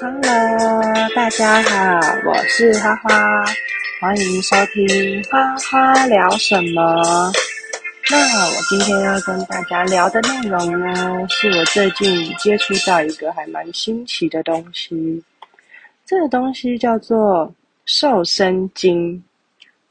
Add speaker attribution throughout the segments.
Speaker 1: Hello，大家好，我是花花，歡迎收聽花花聊什麼。那我今天要跟大家聊的內容呢，是我最近接觸到一個還蠻新奇的東西。這個東西叫做壽生經。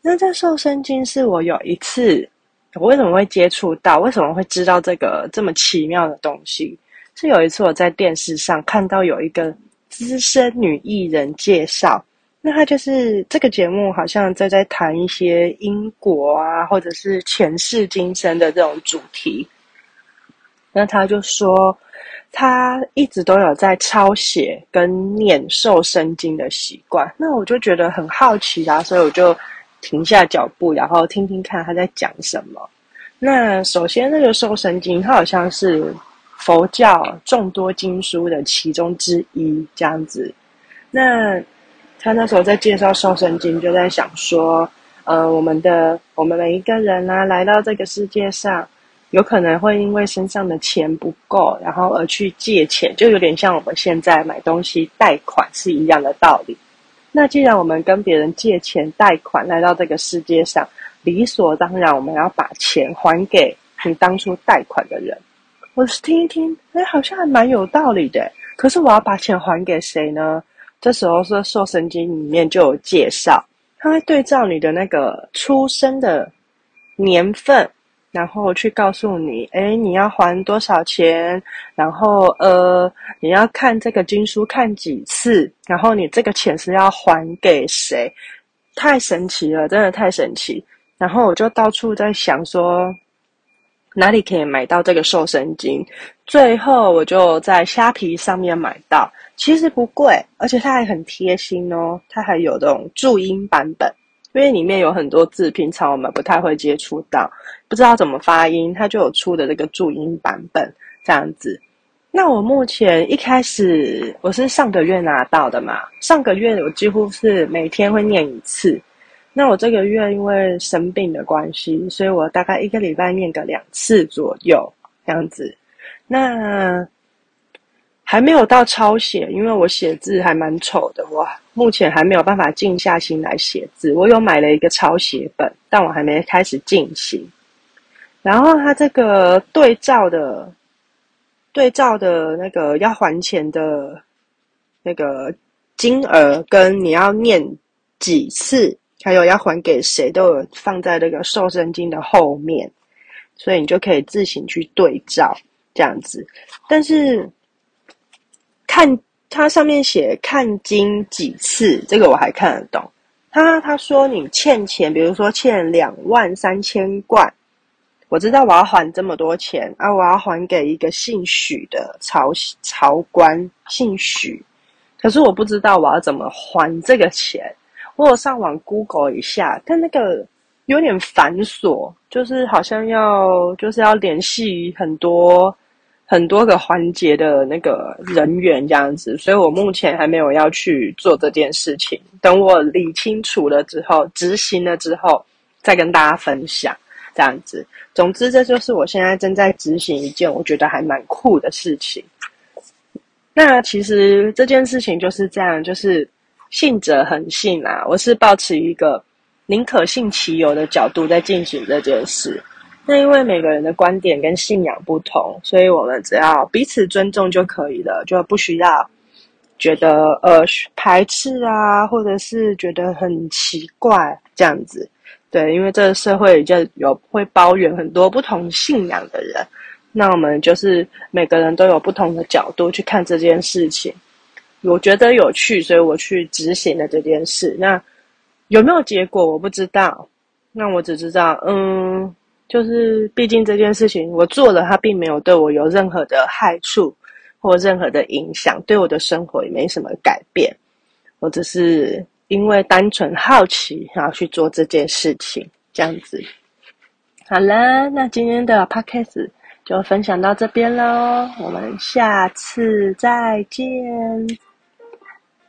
Speaker 1: 那這壽生經是我有一次，我為什麼會接觸到，為什麼會知道這個這麼奇妙的東西？是有一次我在電視上看到有一個資深女藝人介紹，那她就是這個節目好像在在談一些因果啊，或者是前世今生的這種主題。那她就說她一直都有在抄寫跟念《壽生經》的習慣。那我就覺得很好奇啊，所以我就停下腳步，然後聽聽看她在講什麼。那首先那個《壽生經》，它好像是。佛教眾多經書的其中之一，這樣子。那他那時候在介紹《壽生經》，就在想說，呃，我們的我們每一個人啊，來到這個世界上，有可能會因為身上的錢不夠，然後而去借錢，就有點像我們現在買東西貸款是一樣的道理。那既然我們跟別人借錢貸款來到這個世界上，理所當然我們要把錢還給你當初貸款的人。我是聽一聽，哎、欸，好像還蠻有道理的。可是我要把錢還給誰呢？這時候說《壽生經》裡面就有介紹，它會對照你的那個出生的年份，然後去告訴你，誒、欸、你要還多少錢，然後呃，你要看這個經書看幾次，然後你這個錢是要還給誰？太神奇了，真的太神奇。然後我就到處在想說，哪裡可以買到這個壽生經？最後我就在蝦皮上面買到，其實不貴，而且它還很貼心哦，它還有這種注音版本，因為裡面有很多字，平常我們不太會接觸到，不知道怎麼發音，它就有出的這個注音版本這樣子。那我目前一開始我是上個月拿到的嘛，上個月我幾乎是每天會念一次。那我這個月因為生病的關係，所以我大概一個禮拜念個兩次左右這樣子。那還沒有到抄寫，因為我寫字還蠻醜的，我目前還沒有辦法靜下心來寫字。我有買了一個抄寫本，但我還沒開始進行。然後它這個對照的，對照的那個要還錢的，那個金額跟你要念幾次。還有要還給誰都有放在那個壽生經的後面，所以你就可以自行去對照這樣子。但是看它上面寫看經幾次，這個我還看得懂。他他說你欠錢，比如說欠兩萬三千貫，我知道我要還這麼多錢啊，我要還給一個姓許的曹曹官，姓許。可是我不知道我要怎麼還這個錢。我有上網 Google 一下，但那個有點繁瑣，就是好像要就是要聯繫很多很多個環節的那個人員這樣子，所以我目前還沒有要去做這件事情。等我理清楚了之後，執行了之後，再跟大家分享這樣子。總之，這就是我現在正在執行一件我覺得還蠻酷的事情。那其實這件事情就是這樣，就是。信者恆信啊，我是抱持一個寧可信其有的角度在進行這件事。那因為每個人的觀點跟信仰不同，所以我們只要彼此尊重就可以了，就不需要覺得呃排斥啊，或者是覺得很奇怪這樣子。對，因為這個社會就有會包容很多不同信仰的人，那我們就是每個人都有不同的角度去看這件事情。我覺得有趣，所以我去執行了這件事。那有沒有結果我不知道。那我只知道，嗯，就是畢竟這件事情我做了，它並沒有對我有任何的害處或任何的影響，對我的生活也沒什麼改變。我只是因為單純好奇，然後去做這件事情，這樣子。好了，那今天的 Podcast 就分享到這邊嘍。我們下次再見。